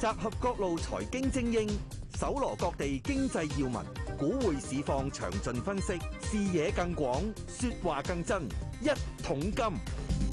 集合各路財經精英，搜羅各地經濟要聞，股匯市況詳盡分析，視野更廣，說話更真，一桶金。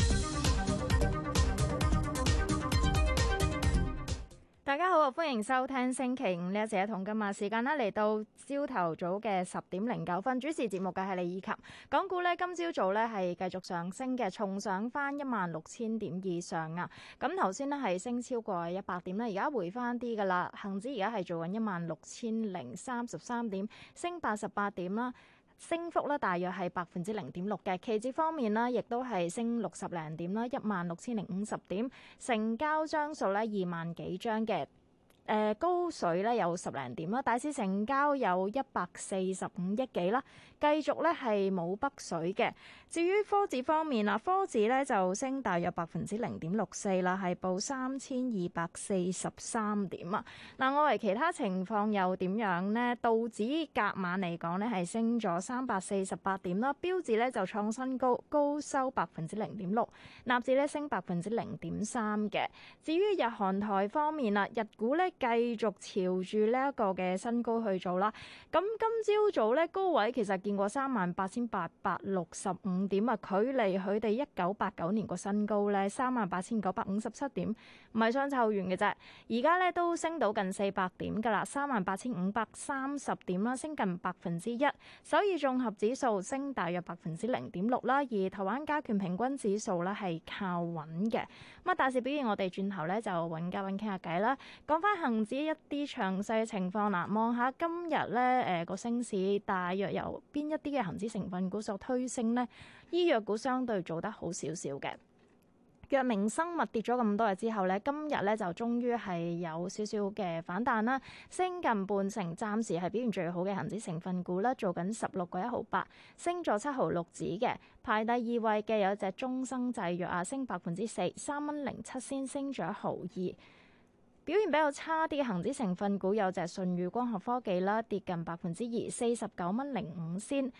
大家好，歡迎收聽星期五呢一節《同今馬時間》，嚟到朝頭早嘅十點零九分，主持節目嘅係李，以及港股呢，今朝早呢係繼續上升嘅，重上翻一萬六千點以上啊！咁頭先呢係升超過回回一百點啦，而家回翻啲噶啦，恒指而家係做緊一萬六千零三十三點，升八十八點啦。升幅咧，大約係百分之零點六嘅。期指方面呢，亦都係升六十零點啦，一萬六千零五十點。成交張數咧，二萬幾張嘅。誒高水咧有十零點啦，大市成交有一百四十五億幾啦，繼續咧係冇北水嘅。至於科指方面啦，科指咧就升大約百分之零點六四啦，係報三千二百四十三點啊。嗱，外圍其他情況又點樣呢？道指隔晚嚟講咧係升咗三百四十八點啦，標指咧就創新高，高收百分之零點六，納指咧升百分之零點三嘅。至於日韓台方面啦，日股咧。繼續朝住呢一個嘅新高去做啦。咁今朝早呢高位其實見過三萬八千八百六十五點啊，距離佢哋一九八九年個新高呢三萬八千九百五十七點，唔係相較遠嘅啫。而家呢都升到近四百點㗎啦，三萬八千五百三十點啦，升近百分之一。首爾綜合指數升大約百分之零點六啦，而台灣加權平均指數呢係靠穩嘅。咁啊，大市表現我哋轉頭呢就揾嘉賓傾下偈啦。講翻恒指一啲詳細嘅情況。嗱，望下今日咧，誒個升市大約由邊一啲嘅恒指成分股所推升呢？醫藥股相對做得好少少嘅。藥明生物跌咗咁多日之後，今天呢今日咧，就終於係有少少嘅反彈啦，升近半成，暫時係表現最好嘅恒指成分股啦，做緊十六個一毫八，升咗七毫六子嘅。排第二位嘅有隻中生製藥啊，升百分之四，三蚊零七仙，升咗一毫二。表現比較差啲嘅恒指成分股有隻舜宇光學科技啦，跌近百分之二，四十九蚊零五先。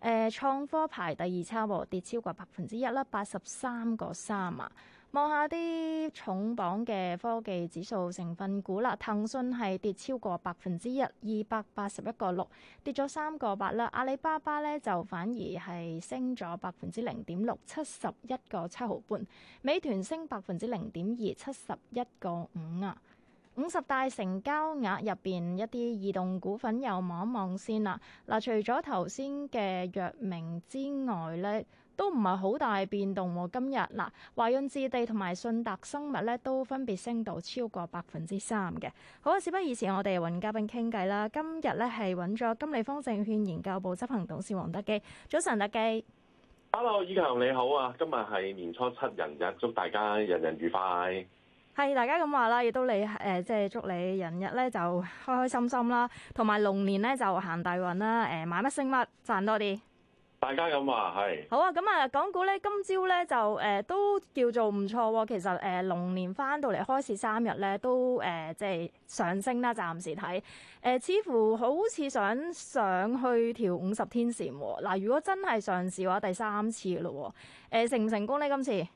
誒，創科排第二差喎，跌超過百分之一啦，八十三個三啊。望下啲重磅嘅科技指數成分股啦，騰訊係跌超過百分之一，二百八十一個六，跌咗三個八啦。阿里巴巴呢，就反而係升咗百分之零點六，七十一個七毫半。美團升百分之零點二，七十一個五啊。五十大成交額入邊一啲異動股份又望一望先啦。嗱，除咗頭先嘅藥明之外咧，都唔係好大變動喎。今日嗱，華潤置地同埋信達生物咧，都分別升到超過百分之三嘅。好啊，事不宜遲，我哋揾嘉賓傾偈啦。今日咧係揾咗金利豐證券研究部執行董事黃德幾。早晨，德幾。Hello，以強你好啊！今日係年初七人日，祝大家人人愉快。係大家咁話啦，亦都你誒即係祝你人日咧就開開心心啦，同埋龍年咧就行大運啦，誒買乜升乜賺多啲。大家咁話係。好啊，咁啊，港股咧今朝咧就誒都叫做唔錯喎。其實誒龍年翻到嚟開始三日咧都誒即係上升啦，暫時睇誒似乎好似想上去條五十天線喎。嗱，如果真係上市嘅話，第三次嘞喎，誒成唔成功呢？今次？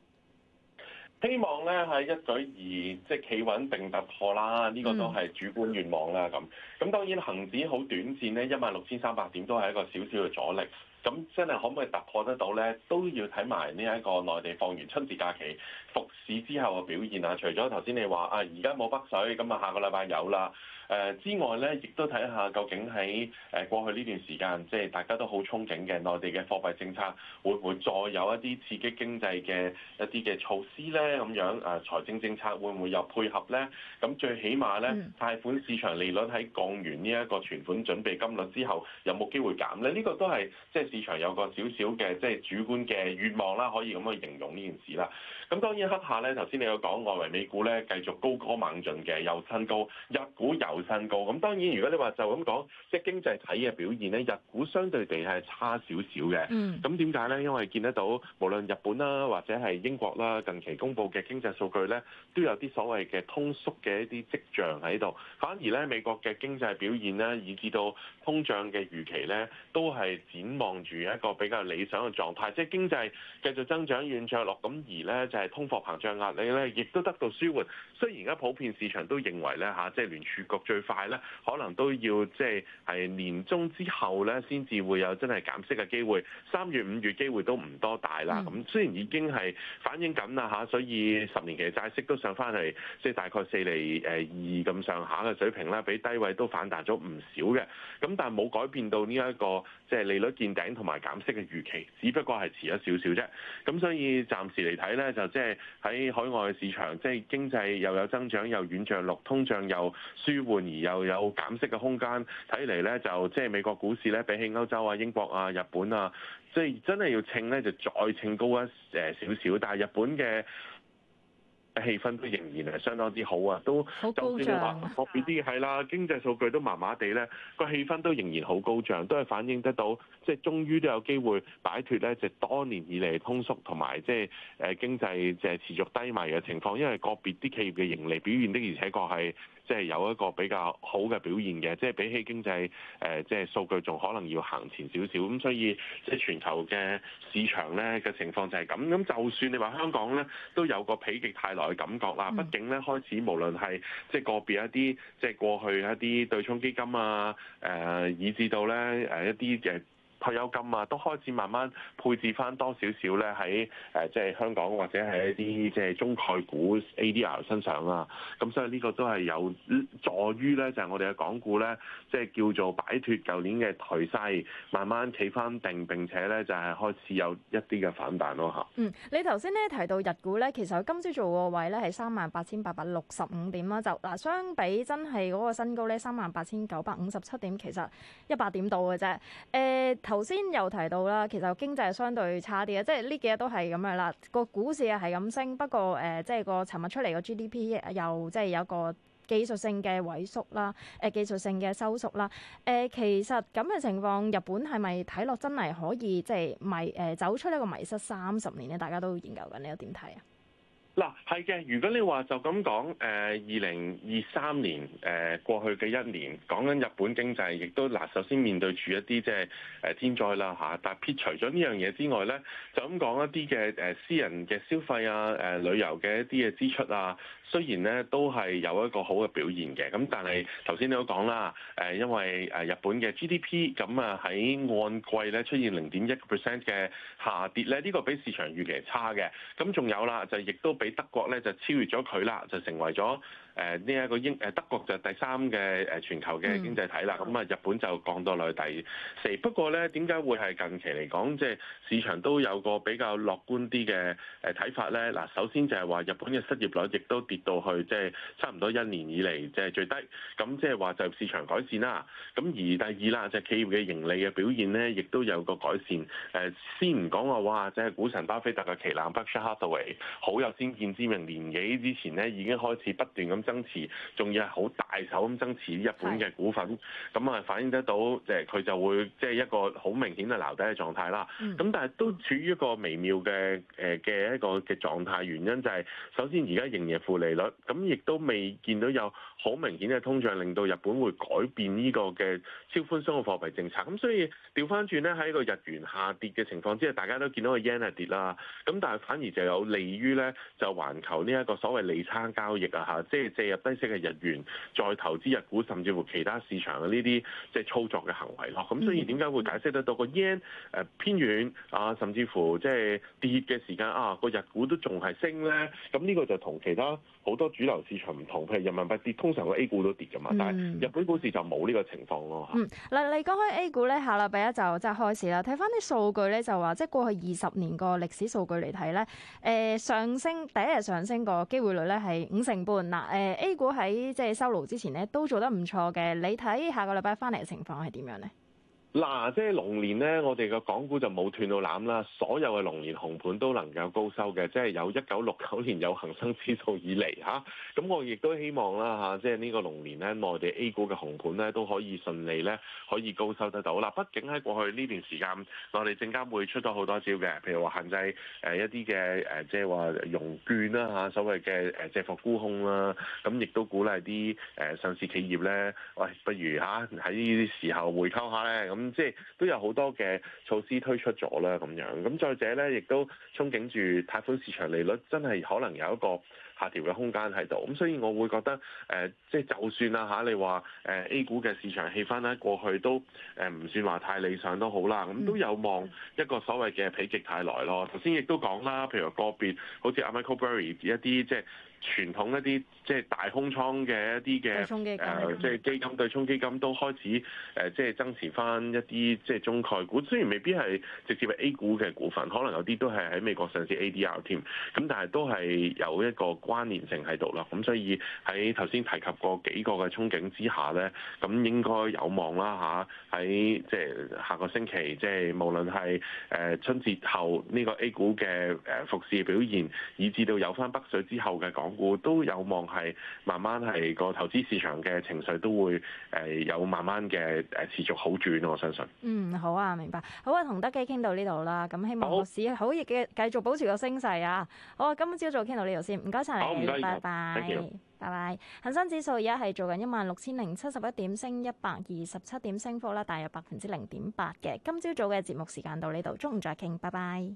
希望咧係一舉而即係企、就是、穩定突破啦，呢、這個都係主觀願望啦咁。咁、嗯、當然，恆指好短線咧，一萬六千三百點都係一個小小嘅阻力。咁真係可唔可以突破得到咧？都要睇埋呢一個內地放完春節假期復市之後嘅表現啊！除咗頭先你話啊，而家冇北水，咁啊下個禮拜有啦，誒之外咧，亦都睇下究竟喺誒過去呢段時間，即係大家都好憧憬嘅內地嘅貨幣政策會唔會再有一啲刺激經濟嘅一啲嘅措施咧？咁樣啊，財政政策會唔會又配合咧？咁最起碼咧，貸款市場利率喺降完呢一個存款準備金率之後，有冇機會減咧？呢個都係即係。市場有個少少嘅即係主觀嘅願望啦，可以咁去形容呢件事啦。咁當然刻下呢，頭先你有講外圍美股呢，繼續高歌猛進嘅，又新高，日股又新高。咁當然如果你話就咁講，即係經濟體嘅表現呢，日股相對地係差少少嘅。嗯。咁點解呢？因為見得到無論日本啦或者係英國啦，近期公布嘅經濟數據呢，都有啲所謂嘅通縮嘅一啲跡象喺度。反而呢，美國嘅經濟表現呢，以至到通脹嘅預期呢，都係展望住一個比較理想嘅狀態，即係經濟繼續增長軟着落，咁而咧就係通貨膨脹壓力咧，亦都得到舒緩。雖然而家普遍市場都認為咧嚇，即係聯儲局最快咧，可能都要即係係年中之後咧，先至會有真係減息嘅機會。三月、五月機會都唔多大啦。咁、嗯、雖然已經係反映緊啦嚇，所以十年期債息都上翻嚟，即係大概四厘誒二咁上下嘅水平啦，比低位都反彈咗唔少嘅。咁但係冇改變到呢一個即係利率見底。同埋減息嘅預期，只不過係遲咗少少啫。咁所以暫時嚟睇呢，就即係喺海外市場，即係經濟又有增長，又軟著陸，通脹又舒緩，而又有減息嘅空間。睇嚟呢，就即係美國股市呢，比起歐洲啊、英國啊、日本啊，即係真係要稱呢，就再稱高一誒少少。但係日本嘅。氣氛都仍然係相當之好啊！都就算你話特別啲係啦，經濟數據都麻麻地咧，個氣氛都仍然好高漲，都係反映得到即係終於都有機會擺脫咧，就多年以嚟通縮同埋即係誒經濟就係持續低迷嘅情況，因為個別啲企業嘅盈利表現的，而且確係即係有一個比較好嘅表現嘅，即係比起經濟誒即係數據仲可能要行前少少。咁所以即係全球嘅市場咧嘅情況就係咁。咁就算你話香港咧都有個疲極態。嘅感覺啦，畢竟咧開始無論係即係個別一啲即係過去一啲對沖基金啊，誒、呃，以至到咧誒，一啲嘅。退休金啊，都開始慢慢配置翻多少少咧喺誒，即係香港或者係一啲即係中概股 ADR 身上啦。咁所以呢個都係有助於咧，就係我哋嘅港股咧，即係叫做擺脱舊年嘅頹勢，慢慢企翻定，並且咧就係開始有一啲嘅反彈咯嚇。嗯，你頭先咧提到日股咧，其實今朝做個位咧係三萬八千八百六十五點啦，就嗱相比真係嗰個新高咧三萬八千九百五十七點，其實一百點度嘅啫。誒、呃。頭先又提到啦，其實經濟係相對差啲嘅，即係呢幾日都係咁樣啦。個股市係咁升，不過誒、呃，即係個尋日出嚟個 GDP 又即係有一個技術性嘅萎縮啦，誒、呃、技術性嘅收縮啦。誒、呃，其實咁嘅情況，日本係咪睇落真係可以即係迷誒、呃、走出呢個迷失三十年咧？大家都研究緊，你又點睇啊？嗱，係嘅。如果你話就咁講，誒二零二三年誒、呃、過去嘅一年，講緊日本經濟，亦都嗱，首先面對住一啲即係誒天災啦嚇、啊。但撇除咗呢樣嘢之外咧，就咁講一啲嘅誒私人嘅消費啊，誒、呃呃、旅遊嘅一啲嘅支出啊，雖然咧都係有一個好嘅表現嘅。咁但係頭先你都講啦，誒、呃、因為誒日本嘅 GDP 咁啊喺按季咧出現零點一個 percent 嘅下跌咧，呢、呢個比市場預期係差嘅。咁仲有啦，就亦都俾。德國咧就超越咗佢啦，就成為咗。誒呢一個英誒德國就第三嘅誒全球嘅經濟體啦，咁啊日本就降到嚟第四。不過咧，點解會係近期嚟講，即係市場都有個比較樂觀啲嘅睇法咧？嗱，首先就係話日本嘅失業率亦都跌到去，即係差唔多一年以嚟即係最低。咁即係話就市場改善啦。咁而第二啦，就係企業嘅盈利嘅表現咧，亦都有個改善。誒先唔講話話，即係股神巴菲特嘅旗艦 Berkshire Hathaway 好有先見之明，年幾之前咧已經開始不斷咁。增持仲要係好大手咁增持日本嘅股份，咁啊反映得到，即係佢就會即係一個好明顯嘅留低嘅狀態啦。咁、嗯、但係都處於一個微妙嘅誒嘅一個嘅狀態，原因就係首先而家營業負利率，咁亦都未見到有好明顯嘅通脹，令到日本會改變呢個嘅超寬鬆嘅貨幣政策。咁所以調翻轉咧，喺個日元下跌嘅情況之下，大家都見到個 yen 係跌啦。咁但係反而就有利於咧，就環球呢一個所謂利差交易啊，嚇，即係。借入低息嘅日元，再投資日股，甚至乎其他市場嘅呢啲即係操作嘅行為咯。咁所以點解會解釋得到個 yen 誒偏軟啊，甚至乎即係跌嘅時間啊，個日股都仲係升咧？咁呢個就同其他。好多主流市場唔同，譬如人民幣跌，通常個 A 股都跌噶嘛。但係日本股市就冇呢個情況咯。嗯，嗱、嗯，你講開 A 股咧，下禮拜一就即係開始啦。睇翻啲數據咧，就話即係過去二十年個歷史數據嚟睇咧，誒、呃、上升第一日上升個機會率咧係五成半嗱。誒、呃、A 股喺即係收爐之前咧都做得唔錯嘅。你睇下個禮拜翻嚟嘅情況係點樣咧？嗱，即係龍年咧，我哋嘅港股就冇斷到纜啦，所有嘅龍年紅盤都能夠高收嘅，即係有1969年有恒生指數以嚟咁、啊、我亦都希望啦、啊、即係呢個龍年咧，內地 A 股嘅紅盤咧都可以順利咧可以高收得到。啦、啊、畢竟喺過去呢段時間，內地證監會出咗好多招嘅，譬如話限制一啲嘅即係話融券啦、啊、所謂嘅誒借貨沽空啦，咁、啊、亦都鼓勵啲上市企業咧，喂、哎，不如呢喺、啊、呢啲時候回購下咧咁。咁即係都有好多嘅措施推出咗啦，咁樣咁再者咧，亦都憧憬住貸款市場利率真係可能有一個下調嘅空間喺度。咁所以我會覺得誒、呃，即係就算啦，嚇、啊，你話誒 A 股嘅市場氣氛咧，過去都誒唔算話太理想都好啦。咁、嗯、都有望一個所謂嘅否極泰來咯。頭先亦都講啦，譬如個別好似阿 Michael Berry 一啲即係。傳統一啲即係大空倉嘅一啲嘅即係基金、對沖基金都開始即係增持翻一啲即係中概股，雖然未必係直接 A 股嘅股份，可能有啲都係喺美國上市 ADR 添，咁但係都係有一個關聯性喺度啦。咁所以喺頭先提及過幾個嘅憧憬之下咧，咁應該有望啦嚇，喺即係下個星期，即係無論係誒春節後呢個 A 股嘅復市表現，以至到有翻北水之後嘅港。我都有望係慢慢係個投資市場嘅情緒都會誒有慢慢嘅誒持續好轉，我相信。嗯，好啊，明白。好啊，同德基傾到呢度啦。咁希望市好易嘅繼續保持個升勢啊。好啊，今朝早傾到呢度先，唔該曬你，拜拜。唔該，拜拜。恒生指數而家係做緊一萬六千零七十一點，升一百二十七點升幅啦，4，大約百分之零點八嘅。今朝早嘅節目時間到呢度，中午再傾，拜拜。